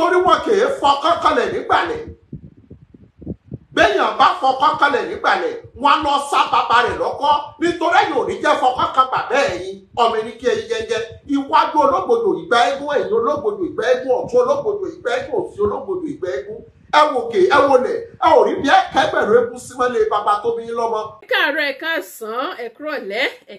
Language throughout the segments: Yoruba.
nítorí wọn kì í fọkàn kalẹ̀ nígbàlẹ̀ béèyàn bá fọkàn kalẹ̀ nígbàlẹ̀ wọn lọ sá bàbá rẹ̀ lọ́kọ́ nítorí ẹ̀yìn ò ní jẹ́ fọkàn kan bàbá ẹ̀yìn ọmọ ẹni kí ẹyin jẹjẹ iwájú olóògbòdò ìgbà eégún ẹ̀yìn olóògbòdò ìgbà eégún ọ̀tún olóògbòdò ìgbà eégún òsì olóògbòdò ìgbà eégún ẹ wò kè ẹ wò lẹ ẹ ò rí bí ẹ kẹgbẹrún eku símọlé bàbá tó yín lọ́mọ. ẹ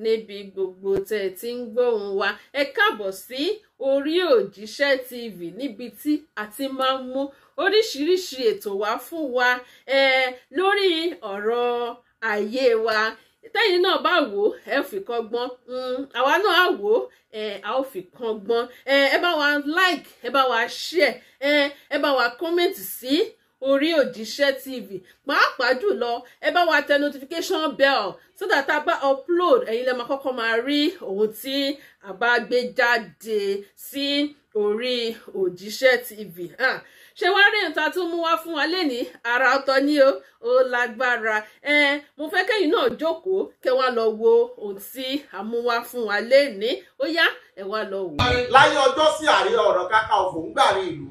níbi gbogbo tẹ́ ti ń gbóhùn wa ẹ káàbọ̀ sí orí òjíṣẹ́ tv níbi tí a ti máa ń mú oríṣiríṣi ètò wá fún wa lórí ọ̀rọ̀ ayé wa tẹ́yìn náà bá wò ẹ ò fi kan gbọ́n hmm, àwa náà á wò ẹ a ò fi kan gbọ́n ẹ bá wa like ẹ bá wa share ẹ bá wa comment sí. Si orí òjíṣẹ́ tv pàápàá jùlọ ẹ bá wa tẹ notification bell so that a bá upload ẹ̀yin lẹ́ẹ̀ máa kọ́kọ́ máa rí ohun tí a bá gbé jáde sí orí òjíṣẹ́ tv ṣé wá rí nǹkan tó mú wá fún wa lénìí ara ọ̀tọ̀ ni o ó lágbára ẹ mo fẹ́ kẹ́yìn náà jókòó kẹ́ wá lọ wo ohun tí a mú wá fún wa lénìí ó yá ẹ wá lọ wò. láyé ọjọ́ sí àríyá ọ̀rọ̀ káká ọ̀fọ̀ ń gbàrí ìlú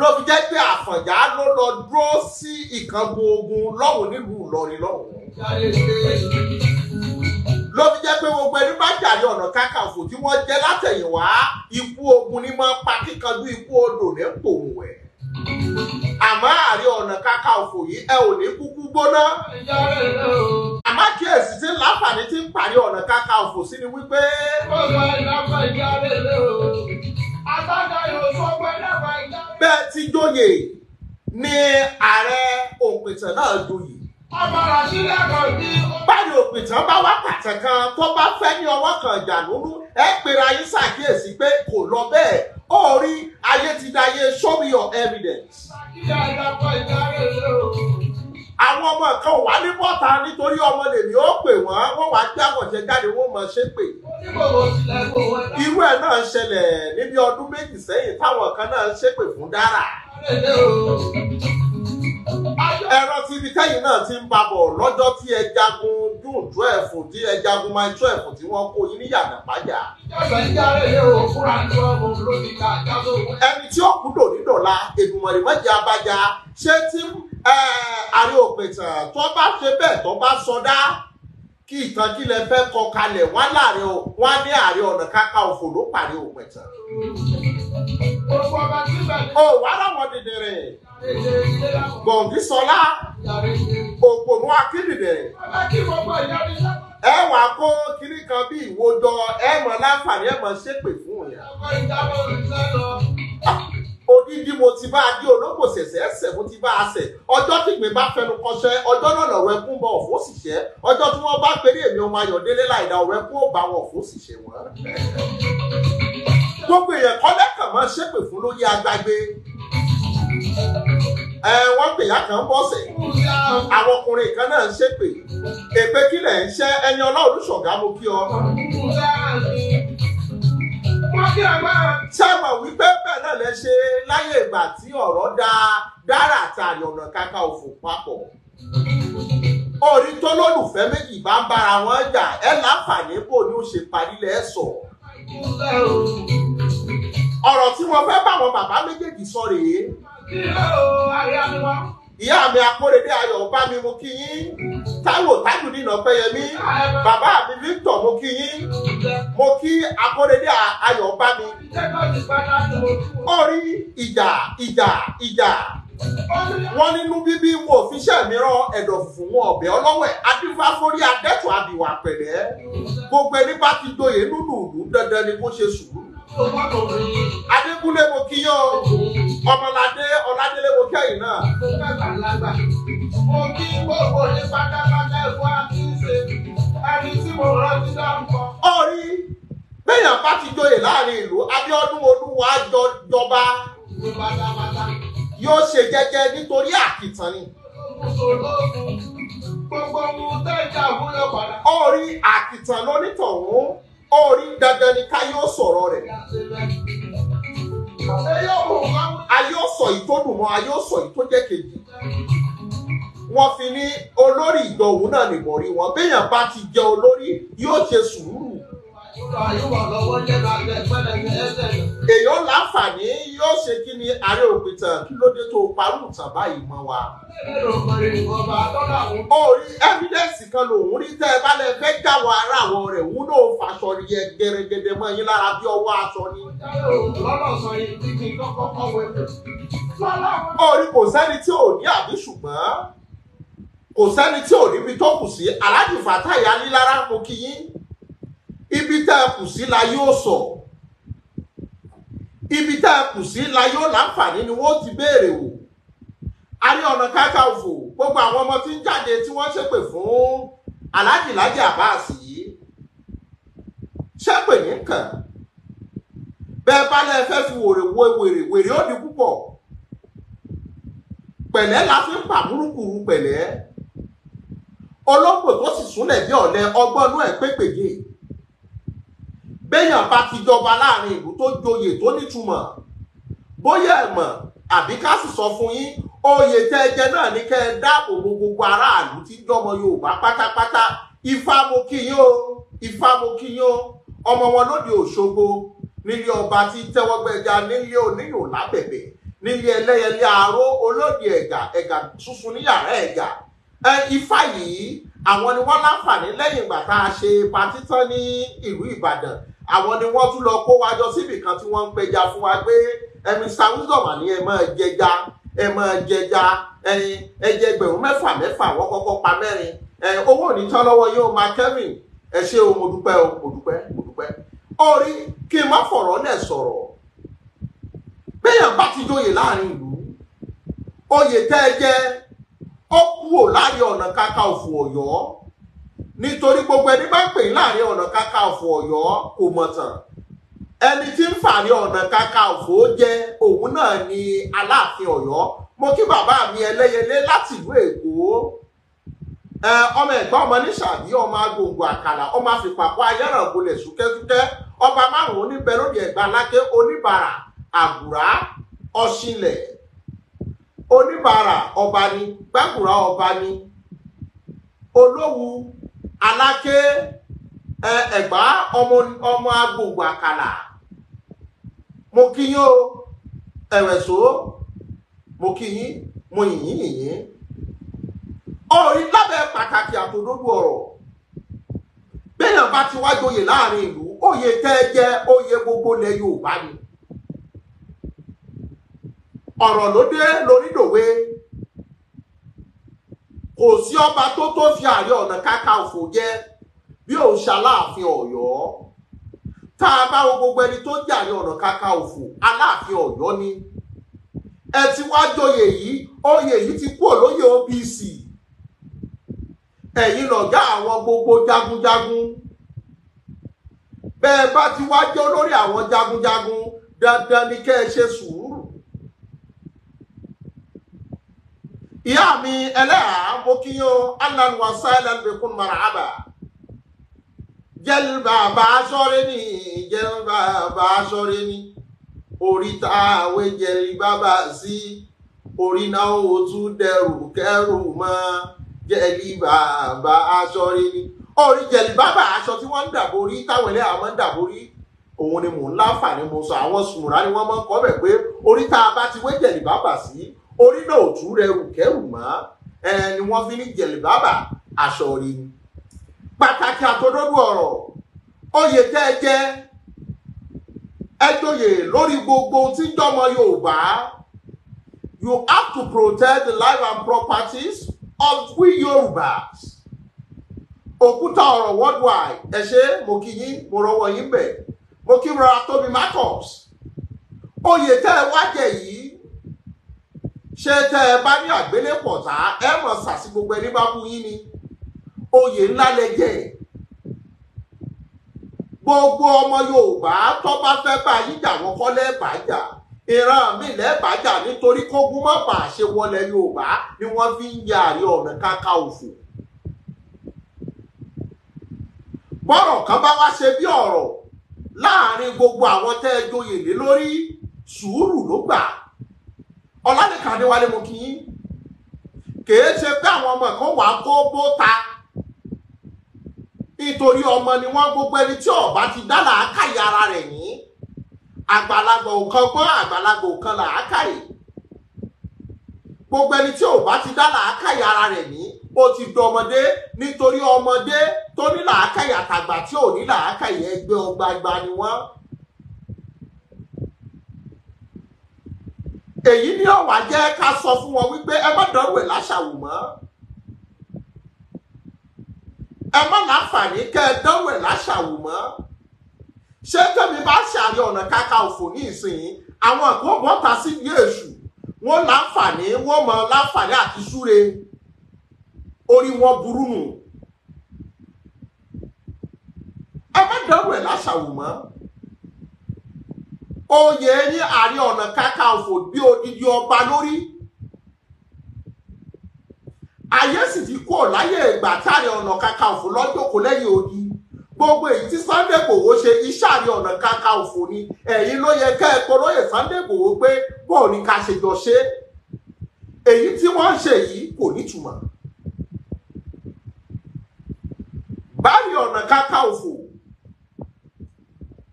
ló fi jẹ́ pé àfọ̀njá ló lọ dúró sí ìkàngun ogun lọ́hùn nílùú ìlọrin lọ́hùn. ló fi jẹ́ pé gbogbo ẹni bá jàre ọ̀nà kákàfò tí wọ́n jẹ́ látẹ̀yìnwá ikú ogun ni máa pa kíkanjú ikú odò ní pòun ẹ̀ àmọ́ àrí ọ̀nà kaka òfò yìí ẹ ò ní kúkú gbóná. àmọ́ kíyèsí tí láǹfààní ti ń parí ọ̀nà kaka òfò sí ni wípé. ó lọ ìlànà ìyá rẹ̀ lé o. àtàkà bẹ́ẹ̀ ti jóyè ní ààrẹ òpìtàn náà joyè. ọba ràṣílẹ̀ kan ní. báyìí òpìtàn bá wá pàtẹ kan tó bá fẹ́ ní ọwọ́ kan ìjànúrú ẹ pera yín ṣàkíyèsí pé kò lọ bẹ́ẹ̀ ó rí ayé ti dayé show me your evidence. ṣàkíyèsí àdàpọ̀ ìdarí ìṣòro àwọn ọmọ kan wà ní bọ́ta nítorí ọmọ lèmi ó pè wọ́n wọ́n wá gbé àwọ̀jẹ jáde wọ́n mọ̀ ṣe pè. irú ẹ̀ náà ṣẹlẹ̀ níbi ọdún méjì sẹ́yìn táwọn kan náà ṣépè fún Dárà ẹran ti ibi tẹ́yìn náà ti ń babọ̀ lọ́jọ́ tí ẹ jagun june twelve tí ẹ jagun may twelve tí wọ́n kó yín ní yàrá pàjá. ẹni tí ó kú dòní dọ̀la èdùmọ̀rì mọ́jì abájá ṣé tí àrí òpìtàn tó bá ṣe bẹ́ẹ̀ tó bá sọdá kí ìtàn kí lẹ fẹ́ kọ kalẹ̀ wá láàrin o wá ní àárín ọ̀nà káká òfò ló parí òpìtàn. ó wà láwọn dìde rẹ̀ gbọ̀ngí sọlá òpònú akíndìdẹ̀ ẹ wà kó kiri kan bí ìwòjọ ẹ mọ láǹfààní ẹ mọ ṣépè fún yẹn. odidi mo ti bá a dé olóko ṣẹ̀ṣẹ̀ ẹsẹ̀ mo ti bá a ṣẹ̀ ọjọ́ tí ìgbín bá fẹnu kọṣẹ́ ọjọ́ náà lọ̀rọ̀ ẹkún bọ̀ ọ̀fọ̀ òṣìṣẹ́ ọjọ́ tí wọ́n bá pe ní èmi ọmọ ayọ̀délé láìda ọ̀rọ̀ ẹkún ò wọn ọ̀fọ̀ òṣìṣẹ́ wọn. gbogbo èèyàn kọ́lẹ́kàn máa ṣépè fún lórí agbágbé ẹ wọ́n pè yá kan bọ́sẹ̀ àwọn ọkùnrin kan náà ń ṣépè èpè kílẹ̀ ń ṣẹ́ ẹni ọlọ́run ṣọ̀gá mo kí ọ sábà wípé bẹ́ẹ̀ náà lè ṣe láyé ìgbà tí ọ̀rọ̀ da dára àtàrí ọ̀nà kaka òfò papọ̀. orí tó lólùfẹ́ méjì bá ń bára wọn jà ẹ láǹfààní bò ní ó ṣe parílẹ̀ ẹ sọ. ọ̀rọ̀ tí wọ́n fẹ́ bá àwọn bàbá méjèèjì sọ rèé ìyá mi akóredé ayọ̀ bá mi mo kí yín táwọ̀ tájùdí iná pẹ́yẹmí bàbá mi Victor mo kí yín mo kí akóredé ayọ̀ bá mi. orí ìjà ìjà ìjà wọ́n nínú bíbí wọn ò mìíràn ẹ̀dọ̀ fún wọn ọ̀bẹ ọlọ́wẹ̀ adífáfórí adẹ́tọ̀ àbíwá pẹ̀lẹ́ gbogbo ẹni bá ti joyè nínú ìlú dandan ni bó ṣe sùúrù kúlé mo kí yọ ọmọládé ọládélé mo kí ẹ̀yìn náà. mo kí gbogbo ní pátápátá ẹ̀fọ́ àti ṣe ẹni tí mo rántí dárúkọ. ọ̀rí bẹ́ẹ̀yàn bá ti joyè láàrin ìlú Abíọ́dún Olúwa jọba yóò ṣe jẹ́jẹ́ nítorí àkìtàn ni. gbogbo ohun tẹ́jà múlẹ̀ padà. ọ̀rí àkìtàn lónítọ̀hún ọ̀rí dandan ni ká yóò sọ̀rọ̀ rẹ̀. ìgbọ̀nwọ́ a yóò sọ yìí tó jẹ́ kejì wọ́n fi ní olórí ìgbọ̀nwọ́ náà ní bọ̀rí wọn béèyàn bá ti jẹ́ olórí yóò ṣe sùúrù. èèyàn láǹfààní yóò ṣe kí ni ààrẹ òpìtàn kí ló dé tó parú ìtàn báyìí mọ́ wa. orí ẹ́fídẹ́ǹsì kan lòun rí tẹ́ ẹ bá lẹ fẹ́ jáwọ́ ara àwọn rẹ̀ wúlò fàṣọ yẹ gẹ́rẹ́gẹ́dẹ́ mọ́ yín lára bí ọwọ́ aṣọ ni orí kò sẹ́ni tí ò ní àbí ṣùgbọ́n kò sẹ́ni tí ò níbi tó kù sí aláàjì fàtáyà nílára mo kí yín ibi tá a kù sí la yóò sọ ibi tá a kù sí la yóò láǹfààní ni wọ́n ti béèrè wò a ní ọ̀nà kákàfò gbogbo àwọn ọmọ tí ń jáde tí wọ́n ṣépè fún aláàjì lájì àbáàsì yìí ṣépè nìkan bẹ́ẹ̀ bá lẹ́ẹ̀ fẹ́ fi wèrè wo wèrè wèrè ó di púpọ̀ pẹ̀lẹ́ la fi ń pàmúrúkúrú pẹ̀lẹ́ olópò tó sì súnlẹ̀ bí ọ̀lẹ ọgbọ́nú ẹ̀ pépèje béèyàn bá ti jọba láàrin ìlú tó joyè tó nítumọ̀ bóyá ẹ̀ mọ̀ àbí ká sì sọ fún yín oyè tẹ́ ẹ jẹ náà ní kẹ́ ẹ dáàbò bo gbogbo aráàlú tí jọmọ Yorùbá pátápátá ifá mo kí yín o ifá mo kí yín o ọmọ wọn lóde Òṣogbo nílé ọba tí tẹ́wọ́gbẹ́ja nílé oníyùn lábẹ̀bẹ̀ nílé ẹlẹ́yẹlé àáró olóògbé ẹ̀gà ẹ̀gà tuntun ní yàrá ẹ̀gà ifá yìí àwọn ni wọ́n láǹfààní lẹ́yìn ìgbà tá a ṣe patí tán ní ìlú ìbàdàn àwọn ni wọ́n tún lọ kó wa jọ síbì kan tí wọ́n ń pẹja fún wa pé ẹ̀mí sàwùsọ̀mà ni ẹ máa jẹja ẹ máa jẹja ẹyin ẹjẹ ẹgbẹ̀rún mẹ́fà mẹ́fà wọ́n kọ́kọ́ pa mẹ́rin owó òní lọ́wọ́ yóò máa kẹ́rìn ẹ ṣé o mo dúpẹ́ o mo dúpẹ́ mo dúpẹ́ orí kí n má fọ̀rọ̀ lẹ̀ sọ̀rọ̀ béèyàn bá ti joyè láàrin ìlú oyè tẹ́ ẹ jẹ ó kúrò ọ̀nà kaka òfò ọ̀yọ́ nítorí gbogbo ẹni bá ń pè láàrin ọ̀nà kaka òfò ọ̀yọ́ kò mọ̀ tàn ẹni tí ń fà ní ọ̀nà kaka òfò jẹ òun náà ni aláàfin ọ̀yọ́ mo kí bàbá mi ẹlẹ́yẹlé láti ìlú èkó ọmọ ẹ̀gbọ́n ọmọ níṣàbí ọmọ agbòǹgbò àkàlà ọmọ àfipàpọ̀ ayẹ́ràn gbolẹ̀ ọba márùn àgùrá ọ̀ṣìnlẹ̀ oníbàárà ọba ni gbàgùrá ọba ni olówù aláké ẹ̀gbá ọmọ ọmọ agbègbè àkàlà mo kí o ẹ̀wẹ̀só mo kí mo yìn yìnyín ọ̀rí lábẹ́ pàtàkì àtòdógbò ọ̀rọ̀ bẹ́ẹ̀ náà bá ti láàrin ọ̀rọ̀ ló dé lórí dòwe kò sí ọba tó tó fi Ààrẹ Ọ̀nà Kakanfò jẹ bí òun ṣaláàfin Ọ̀yọ́ tá a bá wo gbogbo ẹni tó jẹ Ààrẹ Ọ̀nà Kakanfò Aláàfin Ọ̀yọ́ ni ẹ ti wá joyè yìí oyè yìí ti kú òlóyè OPC ẹ̀yin lọ̀gá àwọn gbogbo jagunjagun bẹ́ẹ̀ bá ti wá jẹ́ olórí àwọn jagunjagun dandan ni kẹ́ ẹ ṣe sùúrù ìyá mi ẹlẹ́à mo kí yín o alan wasa alan bẹ̀kún maraba jẹ́lbà bá a sọ́rí ni jẹ́lbà bá a sọ́rí ni orí tá a wé jẹ́lì bàbá sí orí náà ó tún dẹrù kẹrù mọ́ jẹ́lì bàbá a sọ́rí ni orí jẹ̀lì bábà aṣọ tí wọ́n ń dàborí táwọn ilé òun ni mò ń láǹfààní mo sọ àwọn sùmùrà ni wọ́n mọ́ kọ́ bẹ̀ pé orí tá a bá orí náà ò tú rẹrù kẹrù mọ́ ni wọ́n fi ní jẹ̀lẹ̀bábà aṣọ rí ni. pàtàkì àtọdọ́dún ọ̀rọ̀ oyè tẹ́ ẹ jẹ́ ẹ joyè lórí gbogbo tí jọmọ Yorùbá you have to protect the life and properties of we Yorùbás òkúta ọ̀rọ̀ worldwide ẹ ṣe mo kí yín mo rọwọ́ yín bẹ̀ mo kí rọra tóbi marcus oyè tẹ́ ẹ wá yìí ṣé tẹ́ ẹ bá ní àgbélépọ̀ tá ẹ mọ̀ sàṣì gbogbo ẹni bá bú yín ni oyè ńlá lẹ jẹ gbogbo ọmọ Yorùbá tó bá fẹ́ bá yín jà wọ́n kọ́ lẹ́ẹ̀bà ìran mi lẹ́ẹ̀bà jà nítorí kógun má bàa ṣe wọlé Yorùbá ni wọ́n fi ń ya àrí ọ̀nà káká òfò bọ́rọ̀ kan bá wá ṣe bí ọ̀rọ̀ láàrin gbogbo àwọn tẹ́ ẹ joyè lé lórí sùúrù ló gbà ọlánìkan adéwálé mo kì í kèé ṣe pé àwọn ọmọ kan wàá kó bóta nítorí ọmọ ni wọ́n gbogbo ẹni tí ọba ti dá làákàyè ara rẹ̀ yìí àgbàlagbà òkan gbọ́n àgbàlagbà òkan làákàyè gbogbo ẹni tí ọba ti dá làákàyè ara rẹ̀ yìí ó ti di ọmọdé nítorí ọmọdé tó ní làákàyè àtàgbà tí ò ní làákàyè ẹgbẹ́ ọgbàgbà ni wọ́n èyí ni ọ̀wà jẹ́ ká sọ fún wọn wípé ẹ má dánwò láṣàwò mọ́ ẹ má láǹfààní kẹ́ ẹ dánwò láṣàwò mọ́ ṣé tẹ́mi bá ṣàrí ọ̀nà kàkà òfò ní ìsìn àwọn kan wọ́n ta sí ilé èṣù wọ́n láǹfààní wọ́n mọ láǹfààní àti súre orí wọn burú nù ẹ má dánwò láṣàwò mọ́ oyè ní ààrẹ ọ̀nà kakanfò bí odidi ọba lórí ayé sì ti kó láyé ìgbà táàrẹ ọ̀nà kakanfò lọ́jọ́ kò lẹ́yìn odi gbogbo èyí tí Sunday Igboho ṣe iṣẹ́ ààrẹ ọ̀nà kakanfò ni ẹ̀yin ló yẹ kẹ́ ẹ polóyè Sunday Igboho pé bọ́ọ̀ ni ká ṣe jọ ṣe èyí tí wọ́n ń ṣe yìí kò nítumọ̀ báyìí ọ̀nà kakanfò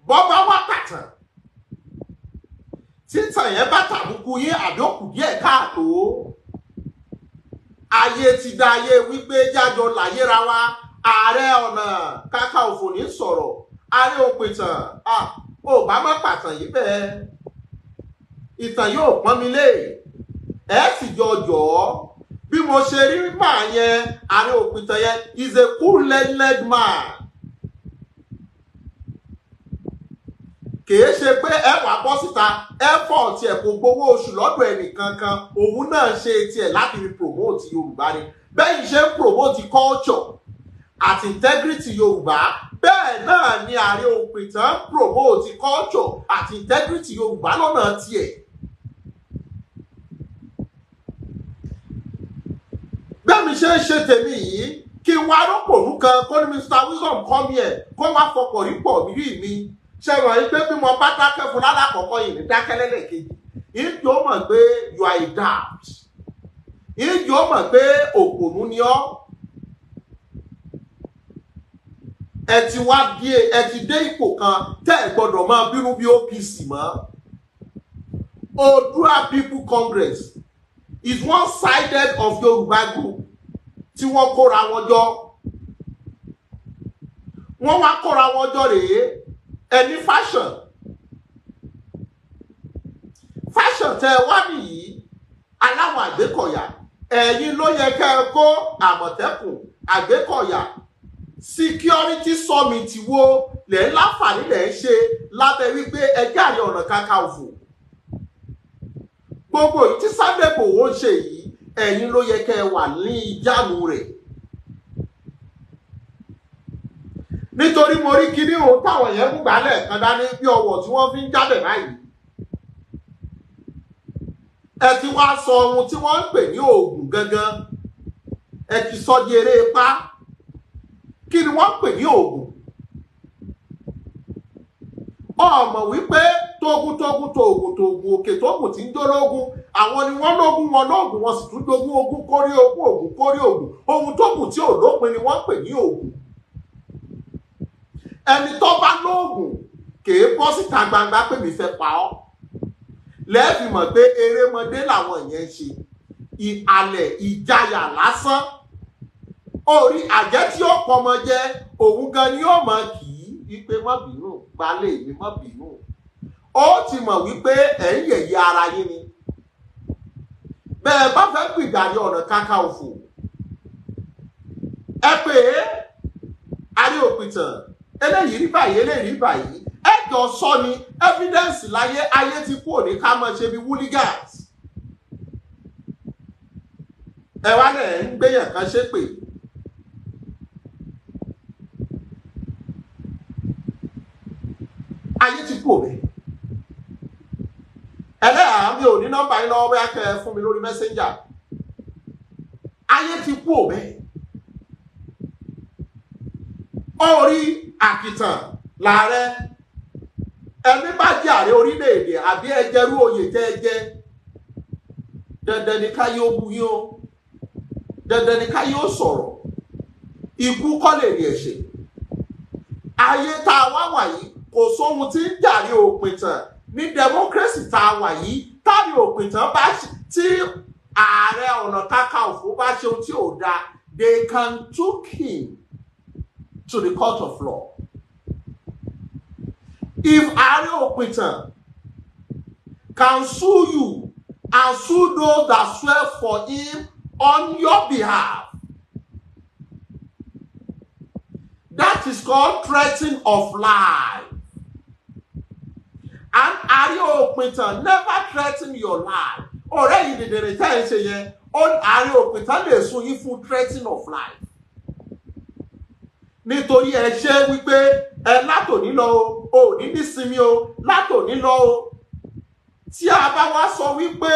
bọ́ bá wá kàtàn títàn yẹn bá tàbùkù yín àdókù díẹ̀ káàtó ayé ti da ayé wípé jájọ làyéra wa ààrẹ ọ̀nà kàkà òfò ní sọ̀rọ̀ ààrẹ òpìtàn ò bá má pàtàn yìí bẹ́ẹ̀ ìtàn yóò pọ́n mi lé ẹ̀ sì jọjọ́ bí mo ṣe rí màá yẹn ààrẹ òpìtàn yẹn is a cool-headed man kìí ṣe pé ẹ wà bọ́ síta effort ẹ̀ kò gbowó oṣù lọ́dọ̀ ẹnìkankan òun náà ṣe tiẹ̀ láti fi promote yorùbá ni bẹ́ẹ̀ ṣe ń promote culture àti integrity yorùbá bẹ́ẹ̀ náà ni ààrẹ òpìtàn promote culture àti integrity yorùbá lọ́nà tiẹ̀. bẹ́ẹ̀ni ṣe ń ṣe tèmi yìí kí n wá rọ́pò orúkọ kó ní mr wisdom come here kó wá fọkàn rí pọ̀ mí rí mi ṣe wọ̀n yí pé bí mo bá dákẹ́ fún lálàkọ́kọ́ yìí ní dákẹ́ lẹ́lẹ́kejì ìjọ mọ̀ pé you are a doubt ìjọ mọ̀ pé òpònú ni ọ́ ẹ ti wá dé e, ẹ ti dé ipò kan tẹ́ ẹ gbọ́dọ̀ máa bínú bí OPC mọ́ Odua People Congress is one sided of Yorùbá group tí wọ́n kóra wọn jọ wọ́n wá kóra wọn jọ rèé ẹni fashion fashion tẹ wá nìyí aláwọn àgbékọ̀yà ẹ̀yin ló yẹ kẹ́ ẹ kó àmọ̀tẹ́kùn àgbékọ̀yà security summit wo lẹ̀ ń láǹfààní lẹ̀ ń ṣe lábẹ́ wípé ẹgbẹ́ àyè ọ̀nà kakaòfò gbogbo ìtí Sunday Igboho ṣe yìí ẹ̀yin ló yẹ kẹ́ ẹ wà ní ìjánu rẹ̀. nítorí mo rí kíní òun táwọn yẹn mú gbálẹ̀ kan dání bí ọwọ́ tí wọ́n fi ń jábẹ̀ báyìí ẹ ti wá sọ ohun tí wọ́n ń pè ní oògùn gangan ẹ ti sọ di eré ipá kí ni wọ́n pè ní oògùn ọmọ wípé tógúntógún tòògùn tòògùn òkè tóògùn tí ń dólógún àwọn ni wọ́n lógún wọn lóògùn wọn sì tún dógún ogún kórí ogún ògùn kórí ògùn ohun tóògùn tí ò lópin ni wọ́n pè ní oògùn ẹni tó bá lóògùn kèé bọ́ síta gbangba pé mi fẹ́ pa ọ́ lẹ́ẹ̀fì mọ̀ pé erémọdé làwọn yẹn ń ṣe ìhalẹ̀ ìjayà lásán orí àjẹ́ tí ó pọmọ jẹ òun gan ni ó mọ kì í wípé mọ́ bínú gbalẹ̀ mi mọ́ bínú ó ti mọ̀ wípé ẹ̀ ń yẹ̀yẹ́ ara yín ni bẹ́ẹ̀ bá fẹ́ gbìgbàdì ọ̀nà káká òfò ẹ pé àrí òpìtàn eléyìí rí báyìí eléyìí rí báyìí ẹ jọ sọ ni evidence láyé ayé ti kú òní ká máa ṣe bí wúlígàs ẹ wá lẹ̀ ń gbéyàn kan ṣépè ayé ti kú òní ẹlẹ́yà mi ò ní nọ́mbà yín lọ́wọ́ bóyá kẹ́ ẹ fún mi lórí mẹ́sẹ́njà ayé ti kú òní orí àkìtàn làárẹ̀ ẹni bá jẹ́ ààrẹ orílẹ̀-èdè àbí ẹjẹ́rú oyè tẹ́ ẹ jẹ́ dandan ni ká yóò bu yín o dandan ni ká yóò sọ̀rọ̀ ikú kọ́ lè rí ẹ̀ṣẹ̀ ayé tá a wá wà yìí kò sóhun tí ń jàre òpin tàn ní democracy tá a wà yìí táàrí òpin tàn bá tí ààrẹ ọ̀nà kakanfò bá ṣe ohun tí ò dáa they can took him to the court of law. If Aare Opitan can sue you and sue those that swear for him on your behalf, that is called threatening of life. And Aare Opitan never threatened your life. Already the dèdèrè tá ẹ̀ ń ṣe yẹn, Opitan lè sue you for threatening of life nítorí ẹ ṣe wípé ẹ látòní lọ o ò ní nísinmi o látòní lọ o tí a bá wá sọ wípé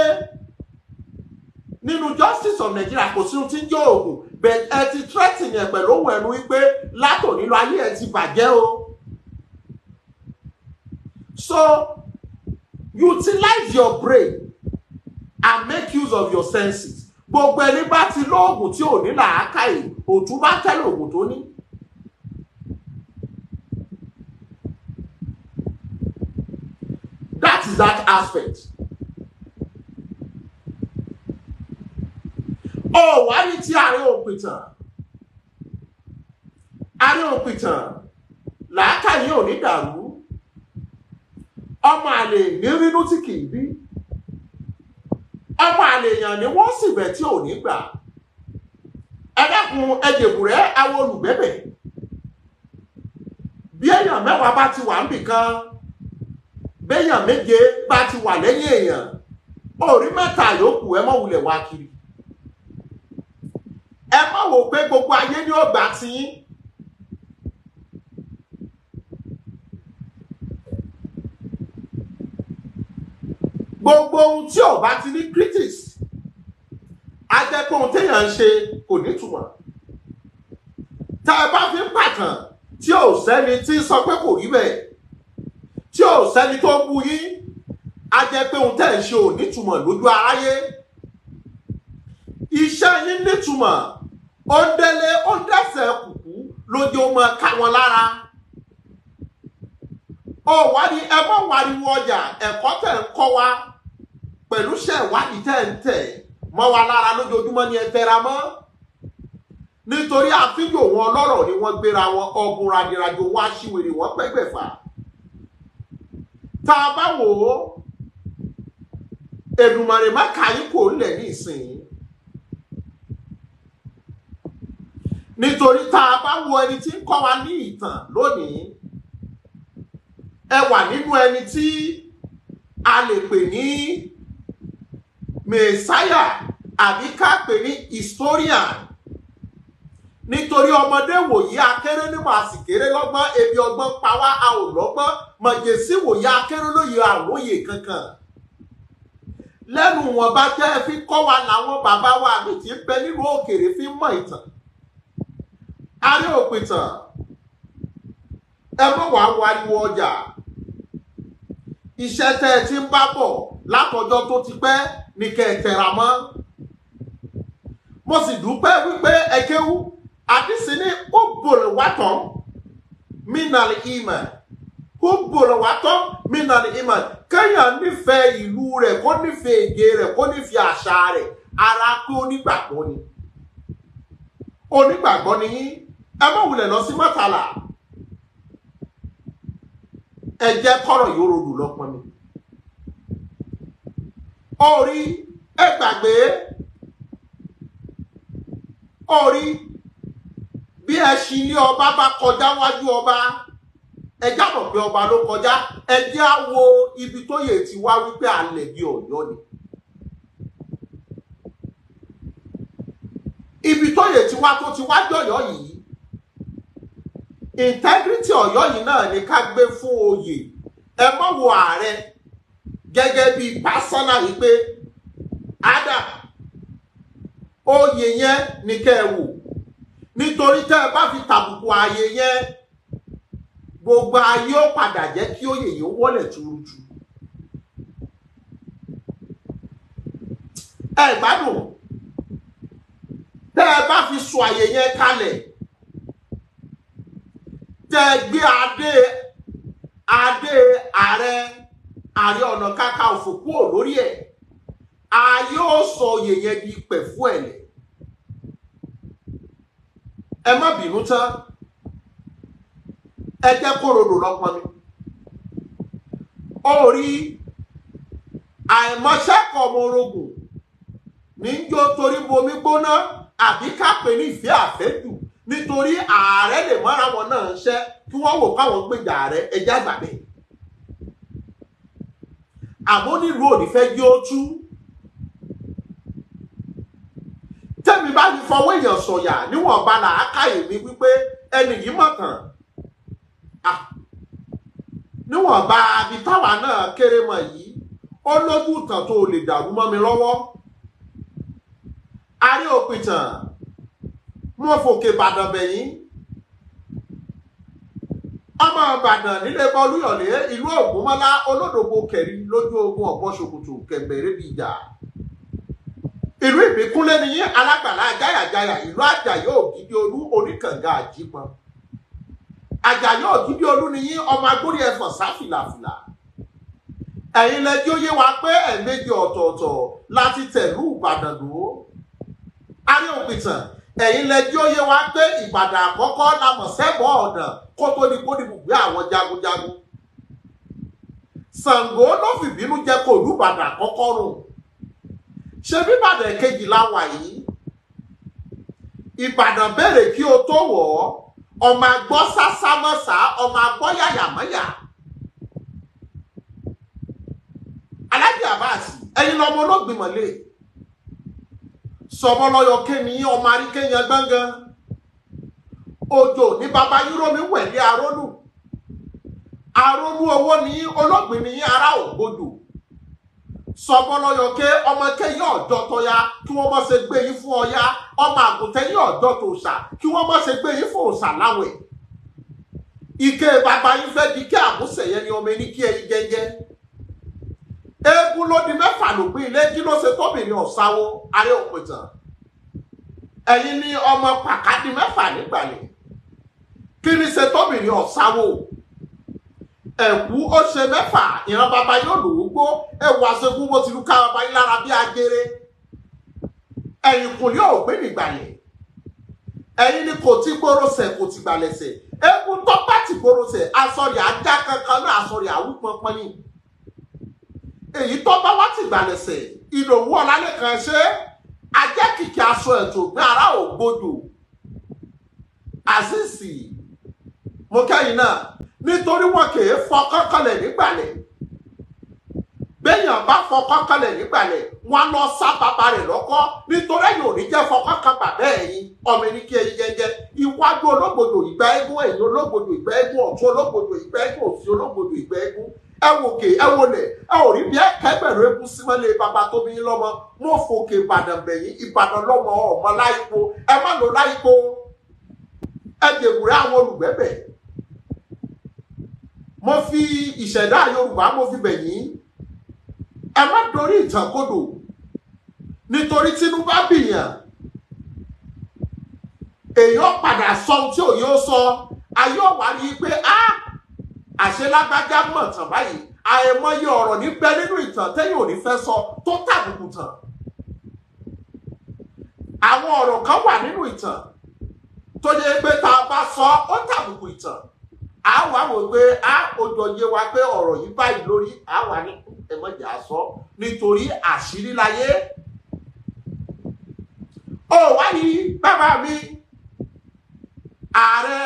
nínú justice of Nigeria kò sí tí ń jẹ́ oògùn bẹ́ẹ̀ ẹ ti threaten ẹ pẹ̀lú ohun ẹnu wípé látòní lọ ayé ẹ ti bàjẹ́ o so utilize your brain and make use of your senses gbogbo ẹni bá ti lóògùn tí ò ní làákàyè òtún bá tẹ́lẹ̀ òògùn tó ní aspect. ó wá ní tí àárín òpìtàn àárín òpìtàn làákàyè ò ní dàrú ọmọ àlè ní rínú tí kì í bí ọmọ àlè èèyàn ni wọ́n sì bẹ̀ tí ò ní gbà ẹ dákun ẹjẹ̀bùrẹ́ àwọn olùgbẹ́bẹ̀ bí èèyàn mẹ́wàá bá ti wà níbìkan béèyàn méje bá ti wà lẹ́yìn èèyàn orí mẹ́ta yòókù ẹ mọ̀ wulẹ̀ wá kiri ẹ má wò pé gbogbo ayé ni ó gbà tí yín gbogbo ohun tí ọba ti ní critics ajẹpọ̀n téèyàn ń ṣe kò nítumọ̀ tá a bá fi ń pàtàn tí ò sẹ́ni tí sọ pé kò rí bẹ́ẹ̀ tí ò sẹ́ni tó bu yín á jẹ́ pé ohun tẹ́ ẹ̀ ṣe ò nítumọ̀ lójú aráyé iṣẹ́ yín nítumọ̀ ó ń délé ó ń dẹ̀sẹ̀ kùkú lójú ọmọ ká wọn lára ó wádìí ẹ mọ́ wariwo ọjà ẹ̀kọ́ tẹ̀ ń kọ́ wa pẹ̀lú ṣẹ̀ wádìí tẹ̀ ń tẹ̀ mọ́ wa lára lójoojúmọ́ ni ẹ tẹra mọ́ nítorí àfihàn wọn lọ́rọ̀ ni wọ́n gbéra wọn ọ̀gùn radìradì wọ́n aṣíwèrè wọ́n pẹ́gbẹ̀fà tá a bá wò ó Èdùmàrè má kàyí kò lẹ̀ ní nítorí tá a bá wo ẹni tí ń kọ́ wa ní ìtàn lónìí ẹ wà nínú ẹni tí a lè pè ní mẹsáyà àbí ká pè ní historian nítorí ọmọdé wòye akéré nímọ̀ àsìkéré lọ́gbọ́n ebi ọgbọ́n pa wá a ò lọ́gbọ́n mọ̀jẹ̀sí wòye akéré lóye àròyè kankan lẹ́nu wọn bá jẹ́ fi kọ́ wa làwọn bàbá wa àmì tí ń bẹ nínú òkèèrè fi mọ̀ ìtàn arí òpìtàn ẹ mọ̀ wá wariwo ọjà iṣẹ́ tẹ́ ẹ ti ń bá bọ̀ látọjọ́ tó ti pẹ́ ní kẹ́ ẹ tẹ̀ra mọ́ mo sì dúpẹ́ wípé ẹ kéwú. adisini obolo watom minal iman obolo watom minal iman nífẹ̀ẹ́ ìlú rẹ̀ kó nífẹ̀ẹ́ èdè rẹ̀ kó nífẹ̀ẹ́ àṣà rẹ̀ ara pé onígbàgbọ́ ni onígbàgbọ́ ni sí mọ́tàlá bí ẹṣin ní ọba bá kọjá wájú ọba ẹjá rò pé ọba ló kọjá ẹjá wo ibi tó yẹ ti wá wípé alẹ̀ bí ọ̀yọ́ ni. ibi tó yẹ ti wá tó ti wá jọ̀yọ́ yìí integrity ọ̀yọ́ yìí náà ni ká gbé fún oyè ẹ mọ̀ wo ààrẹ gẹ́gẹ́ bíi pásánà wípé ada oyè yẹn ni kẹ́ ẹ wò. nítorí tẹ́ ẹ bá fi tàbùkù ààyè yẹn gbogbo ayé ó padà jẹ́ kí òye yìí ó wọlé tuurutu ẹ gbádùn tẹ́ ẹ bá fi sọ ààyè yẹn kalẹ̀ tẹ́ ẹ gbé adé adé ààrẹ ààrẹ ọ̀nà kakaǹfò kúrò lórí ẹ̀ ayé ó sọ òye yẹn di pẹ̀fú ẹ̀lẹ̀. ẹ má bínú tán ẹ jẹ́ kó rodò lọ́pọ̀ mi ó rí àìmọ́ṣẹ́kọ̀ ọmọ orogùn níjó torí bomi gbóná àbí ká pè ní ìfẹ́ àfẹ́jù nítorí ààrẹ lè mọ́ra wọn náà ṣẹ́ kí wọ́n wò káwọn ààrẹ ẹjẹ́ bá fi fọwọ́ èèyàn sọ̀yà níwọ̀nba làákàyè mi wípé ẹnì yìí mọ̀kàn níwọ̀nba àbí táwa náà kéré mọ̀ yìí ó lójú ìtàn tó lè dàrú mọ́ mi lọ́wọ́ arí òpìtàn mo fòkè Ìbàdàn bẹ̀yìn ọmọ Ìbàdàn nílé bọ́ọ̀lù yọ̀lé ìlú Ògúnmọ́lá olódògbò kẹrin lójú ogun ọ̀pọ̀ ṣòkòtò kẹ̀mẹ́rẹ́ bíi ìlú ìbíkúnlé ni yín alágbàlá jáyàjáyà ìlú àjàyè ògidì olú oníkànga àjípọn àjàyè ògidì olú ni yín ọmọ agbórí ẹfọ sáfìlàfìlà ẹ̀yin lẹjọ yé wa pé ẹ̀ẹ̀mejì ọ̀tọ̀ọ̀tọ̀ láti tẹ̀lú ìbàdàn lò ó ayé òpìtàn ẹ̀yin lẹjọ yé wa pé ìbàdàn àkọ́kọ́ la mọ̀ sẹ́bọ̀ ọ̀nà kó tó ní kódìbùgbé àwọn jagunjagun ṣàngó ló fìbínú jẹ kó olùbàdàn àkọ́kọ́ rùn ṣe bí ìbàdàn kejì la wà yìí ìbàdàn béèrè kí o tó wọ̀ ọ́ ọmọ agbọ́ sásámọ́sá ọmọ agbọ́ yàyàmọ́yà alájì abas ẹ̀yin lọmọ olóògbìmọ̀lé sọmọlọyọ kéènì ọmọ aríkéèyàn gbọngàn òjò ní baba yúrómi wẹ̀lé arólù arólù owó ní olóògbìn ní ara ògbódò sọgbọlọyọ ké ọmọ kẹyìn ọjọ tó ya kí wọn má ṣe gbé yín fún ọya ọmọ àgùntẹyìn ọjọ tó ṣà kí wọn má ṣe gbé yín fún òṣà láwẹ ike bàbá yín fẹ́ di ké àmúṣẹyẹ ni ọmọ ẹni kí ẹyin jẹjẹ eégún ló di mẹ́fà ló gbé ilé kí ló ṣe tóbìnrin ọ̀sáwó ayé òpìtàn ẹ̀yin ni ọmọ pàkà di mẹ́fà nígbàlè kí ni ṣe tóbìnrin ọ̀sáwó ẹ̀kú ọ̀sẹ̀ mẹ́fà ìran bàbá yóò lò ó gbó ẹ̀wà ṣẹ́gun bó ti ká bàbá yín lára bí agere ẹ̀yìn kùn yóò gbé nìgbàlẹ̀ ẹ̀yìn ni kò tí gbóròsẹ̀ kò tí gbàlẹ̀sẹ̀ egun tó bá ti gbóròsẹ̀ asọ̀rì ajá kankan náà asọ̀rì àwù pọnpọn ni èyí tó bá wá ti gbàlẹ̀sẹ̀ ìdòwú ọ̀làlẹ́kan ṣe ajá kìkì aṣọ ẹ̀tọ́ gbé ara ògbódò àṣìṣì mo kẹ́yìn náà. nítorí wọn kì í fọkàn kalẹ̀ nígbàlẹ̀ béèyàn bá fọkàn kalẹ̀ nígbàlẹ̀ wọn lọ sá bàbá rẹ̀ lọ́kọ́ nítorí ẹ̀yìn ò ní jẹ́ fọkàn kan bàbá ẹ̀yìn ọmọ ẹni kí ẹyin jẹjẹ iwájú egwu ìgbà eégún ẹ̀yìn egwu ìgbà eégún ọ̀tún olóògbòdò ìgbà ìgbà ẹ ẹ ẹ ò ọmọ ẹ má ẹ àwọn mo fi ìṣẹ̀dá yorùbá mo fi bẹ̀ yín ẹ má dorí ìtàn kodò nítorí tinubu bá bìyàn èèyàn padà sọ ohun tí òye ó sọ ayé ọ̀wá rí i pé á àṣelágbájá mọ̀ tàn báyìí àìmọye ọ̀rọ̀ níbẹ̀ nínú ìtàn tẹ́yìn ò ní fẹ́ sọ tó tàbùkù tàn àwọn ọ̀rọ̀ kan wà nínú ìtàn tó yẹ pé tá a bá sọ ó tàbùkù ìtàn a wà wò pé a ojọ yé wa pé ọ̀rọ̀ yìí báyìí lórí a wà ní ẹ̀mọ́jà sọ nítorí àṣírí láyé ó wá ní bàbá mi ààrẹ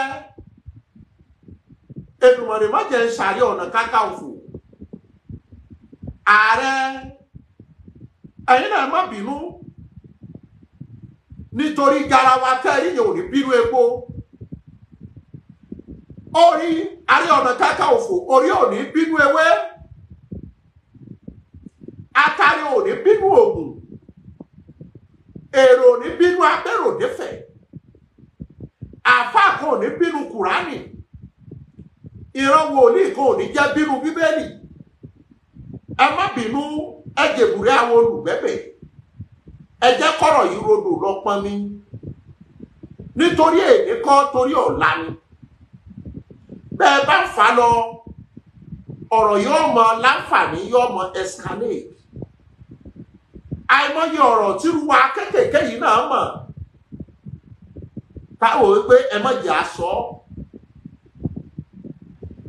èdùmọ̀rẹ́ mọ́jẹ̀ ń sàárẹ̀ ọ̀nà kákàǹfò ààrẹ ẹ̀yin náà má bínú nítorí garawa tẹ́ ẹ̀yin yóò ní bínú epo. orí arí ọ̀nà kaka òfò orí òní bínú ewé atari òní bínú ògùn èrò òní bínú abẹ́rò nífẹ̀ àfa kan òní bínú kùránì ìran wòlíì kan òní jẹ́ bínú bíbélì ẹ má bínú ẹ àwọn olùgbẹ́bẹ̀ ẹ kọ́rọ̀ yìí lọ́pọ́n mi nítorí èdè bẹ́ bá fà lọ ọ̀rọ̀ yóò mọ láǹfààní yóò mọ escalate àìmọye ọ̀rọ̀ tírú wa kékèké yìí náà mọ̀ táwọn wípé ẹ má jà sọ ọ́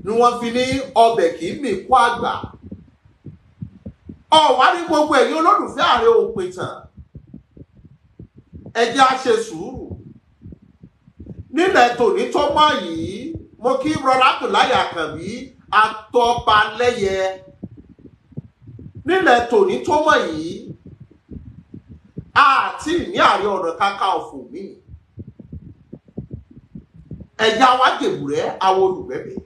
ni wọ́n fi ní ọbẹ̀ kì í mì kó àgbà ọ̀wá ní gbogbo ẹ̀yin olólùfẹ́ Ààrẹ òpin tàn ẹ jẹ́ á ṣe sùúrù nílẹ̀ tòní tó mọ̀ yìí mo kí brother Abdullahi Àkànbí atọ́balẹ́yẹ nílẹ̀ tòní tó mọ̀ yìí àti ní Ààrẹ Ọ̀nà Kakanfò mi ẹ̀yà wa dèbùrẹ́ àwọn olùgbẹ́bẹ́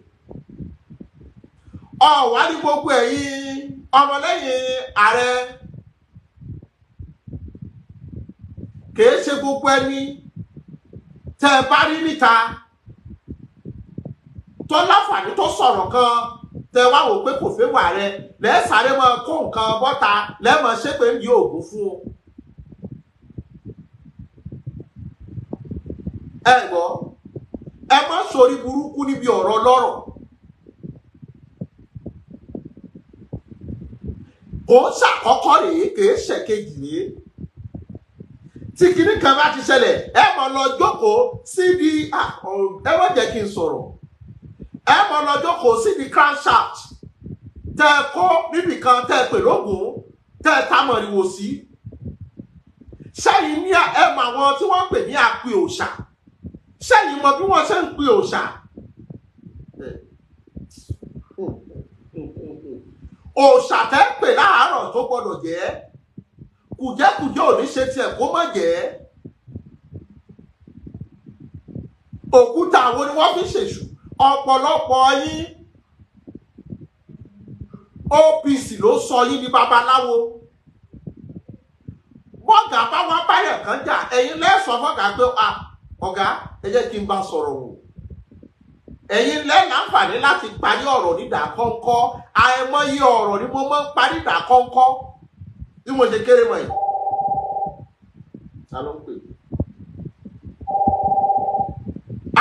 ọ̀wá ní gbogbo ẹ̀yin ọmọlẹ́yìn ààrẹ kìí ṣe gbogbo ẹni tẹ́ ẹ bá rí níta tó láǹfààní tó sọ̀rọ̀ kan tẹ wá wò pé kò fẹ́ wà rẹ lẹ́sàárẹ́ mọ kó nǹkan bọ́ta lẹ́mọ ṣépè ń di oògùn fún un. ẹ gbọ́ ẹ má sori burúkú níbi ọ̀rọ̀ lọ́rọ̀. kò ń ṣàkọ́kọ́ rèé kì í ṣèkejì rèé tí kinní bá ti ṣẹlẹ̀ ẹ mọ̀ lọ jókòó síbi ẹ má jẹ́ kí n sọ̀rọ̀ ẹ mọ lọ́jọ́ kò sí ní cranshaft tẹ ẹ kó níbì kan tẹ ẹ pè lóògùn tẹ ẹ tamọ̀ ìwò sí sẹ́yìn ní ẹ mọ àwọn tí wọ́n ń pè ní àpè òòṣà sẹ́yìn mọ bí wọ́n ṣe ń pè òòṣà òòṣà tẹ́ ń pè láàárọ̀ tó gbọ́dọ̀ jẹ́ kùjẹ́kùjẹ́ ò ní ṣe tiẹ̀ kó má jẹ́ òkúta wo ni wọ́n fi ṣèṣù ọ̀pọ̀lọpọ̀ yín OPC ló sọ yín ní babaláwo bọ́gà báwọn báyọ̀ kan jà ẹ̀yin lẹ́sọ̀ fọ́gà pé ọ̀gá ẹ jẹ́ kí n bá sọ̀rọ̀ wò ẹ̀yin lẹ́nàfààní láti parí ọ̀rọ̀ nídà kọ́ńkọ́ àìmọye ọ̀rọ̀ ni mo máa ń parí ìdà kọ́ńkọ́ bí mo ṣe kéré mọ̀ yìí. ta ló ń pè é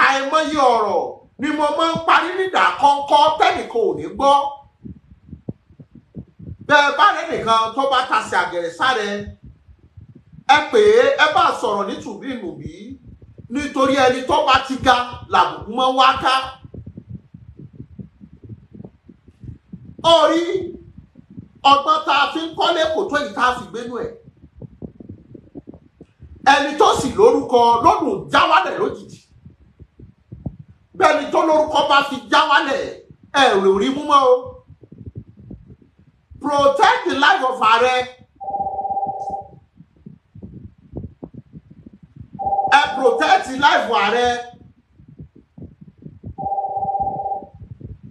àìmọye ọ̀rọ̀ ni mo máa ń parí nídà kọ́ńkọ́ tẹ́nìkan ò ní gbọ́ bẹ́ẹ̀ bá lẹ́nìkan tó bá tasẹ̀ àgẹ̀rẹ̀ sáré ẹ pè é ẹ bá sọ̀rọ̀ nítùbí ìnùbí nítorí ẹni tó bá ti ga làbùkù mọ́ wá ká orí ọgbọ́n tá a fi ń kọ́lé kò tó yìí tá a fi gbénú ẹ̀ ẹni tó sì lórúkọ lọ́dún jáwálẹ̀ lójijì ẹnikẹ́ni tó lórúkọ bá fi já wálẹ̀ ẹ̀rù rí mú mọ́ o protect the life of ààrẹ ẹ protect the life of ààrẹ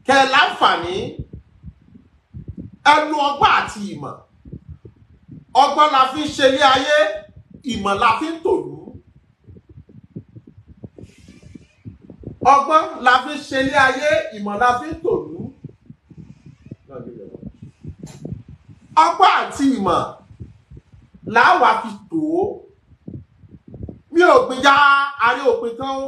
kẹ láǹfààní ẹnu ọgbọ́n àti ìmọ̀ ọgbọ́n la fi ń ṣe ilé ayé ìmọ̀ la fi ń tòlú ọgbọ́n la fi ṣe ilé ayé ìmọ̀ la fi tòlú ọgbọ́n àti ìmọ̀ làwa fi tò ó mi ò gbìyà àárẹ̀ òpin tán ó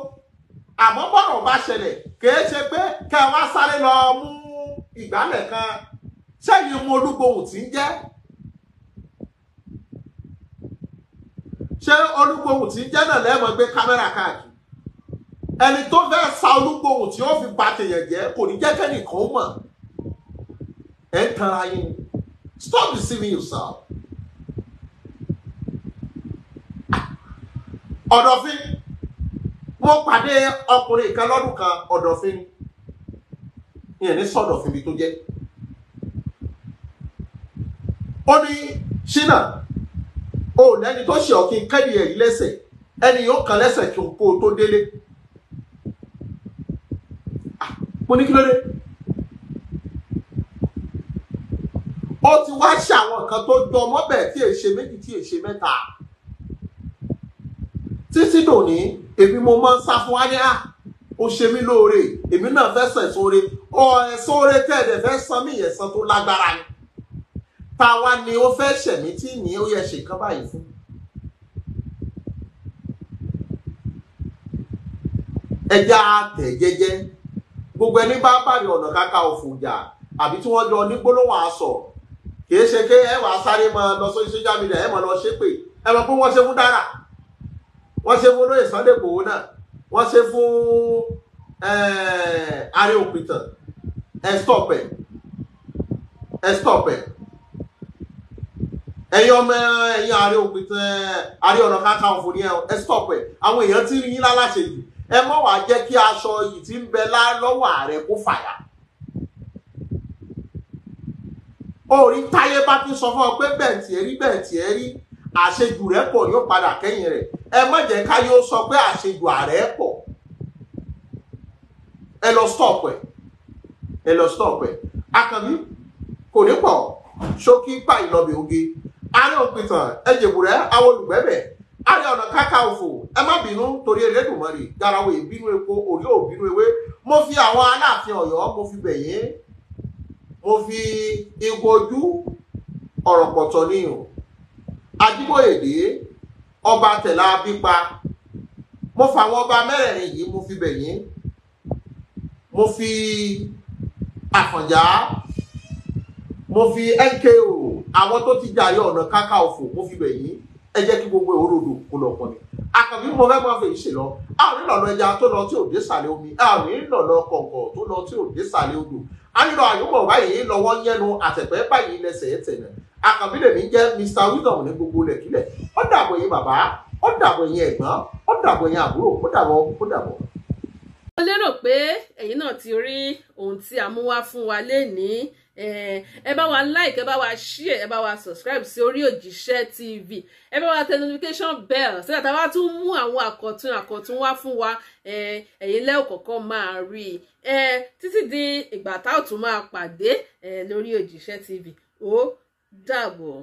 àmọ́ bọ́rọ̀ bá ṣẹlẹ̀ kìí ṣe pé kẹ́ ẹ wá sáré lọ mú ìgbálẹ̀ kan sẹ́yìn mú olúgbòhùn tí ń jẹ́ ṣé olúgbòhùn tí ń jẹ́ náà lẹ́ẹ̀mọ́ gbé kámẹ́rà káàkiri ẹni tó fẹ́ sa olúgbòhùn tí ó fi ba tèèyàn jẹ́ kò ní jẹ́ kẹ́nìkan ó mọ̀ ẹ ń tanra yín stop deceiving yourself. ọ̀dọ̀fin mo pàdé ọkùnrin kan lọ́dún kan ọ̀dọ̀fin ìyẹn ní sọ̀dọ̀fin bí tó jẹ́ ó ní ṣínà o lẹ́ni tó ṣe ọ̀kìn kẹ́ni ẹ̀rí lẹ́sẹ̀ ẹni yóò kan lẹ́sẹ̀ kí n kó o tó délé. mo ní kí ló dé. ó ti wá ṣàwọn nǹkan tó dán mọ́bẹ̀ tí è ṣe méjì tí è ṣe mẹ́ta títí dòní èmi mo máa ń sá fún wáyé à ó ṣe mí lóore èmi náà fẹ́ sẹ̀ sóore ọ ẹ̀sán oore tẹ̀lé fẹ́ san mí ìyẹ̀sán tó lágbára ni táwa ni ó fẹ́ ṣẹ̀mí tí ní ó yẹ ṣe nǹkan báyìí fún. ẹja tẹ̀ jẹ́jẹ́ gbogbo ẹni bá bàrẹ̀ ọ̀nà káká òfòjà àbí tí wọ́n jọ ní gbólóhùn kì í ṣe pé ẹ wàá sáré mọ lọ sórí social media ẹ mọ lọ ṣépè ẹ mọ pé wọ́n ṣe fún dára wọ́n ṣe fún olóyè Sunday Igboho náà wọ́n ṣe fún eh, ààrẹ òpìtàn ẹ stop ẹ ẹ stop ọmọ ẹ̀yin ààrẹ òpìtàn ààrẹ ọ̀nà káká òfòjà ẹ stop àwọn èèyàn ti yín láláṣẹ yìí ẹ mọ̀ wá jẹ́ kí aṣọ yìí ti ń bẹ lọ́wọ́ ààrẹ kó fàyà. orí táyé bá ti sọ fún ọ pé bẹ́ẹ̀ tiẹ̀ rí bẹ́ẹ̀ tiẹ̀ rí àṣejù rẹ̀ pọ̀ yóò padà kẹ́yìn rẹ̀ ẹ má jẹ́ ká yóò sọ pé àṣejù ààrẹ pọ̀ ẹ lọ stop ẹ ẹ lọ stop ẹ akànnì kò ní pọ̀ ṣókí pa ìlọbẹ oge àárẹ̀ òpin tàn ẹ jèbù rẹ̀ àwọn olùgbẹ́bẹ̀ẹ́. Ààrẹ Ọ̀nà Kakanfò ofo. má binu torí Elédùmarè garawo ìbínú epo orí òbínú ewé mo fi àwọn Aláàfin Ọ̀yọ́ mo fi bẹ̀ yín mo fi igun ojú ọ̀rọ̀ pọ̀tọ́ níyàn Ajíbóyèdé ọba tẹ̀lá bípa mo fà àwọn ọba mẹ́rẹ̀ẹ̀rin yìí mo fi bẹ̀ yín mo fi Àfọ̀njá mo fi NKO àwọn tó ti jàre Ọ̀nà Kakanfò mo fi bẹ̀ ẹ jẹ́ kí gbogbo ìhòòrò odò kó lọ pọ̀ mi. àkànbí mo fẹ́ máa fèyí ṣe lọ àrùn ìlànà ẹja tó lọ tí ò dé sàlẹ̀ omi àrùn ìlànà kọ̀ọ̀kọ̀ tó lọ tí ò dé sàlẹ̀ odò ànílọ àyùmọ̀ báyìí lọ́wọ́ yẹnu àtẹ̀pẹ́ báyìí lẹ́sẹ̀ tẹ̀lẹ̀ àkànbí lèmi jẹ́ Mr Wisdom ní gbogbo lẹ̀kílẹ̀ ó dàbọ̀ yín bàbá ó dàbọ̀ yín ẹ̀gbọ́n ó dàbọ̀ yín àbúrò ó dàbọ̀ ó dàbọ̀. mo lérò pé ẹ̀yin náà ti rí ohun tí a mú wá fún wa lénìí Eh, ẹ bá wa like ẹ bá wa share ẹ bá wa subscribe sí orí òjíṣẹ́ tv ẹ bá wa tẹ notification bell sílẹ̀ tá a bá tún mú àwọn àkọ̀tun àkọ̀tun wá fún wa eh, ẹ̀yin lẹ́ọ̀kọ̀ọ̀kan máa rí i eh, títí di ìgbà tá ò tún máa pàdé lórí òjíṣẹ́ tv ó dàbọ̀.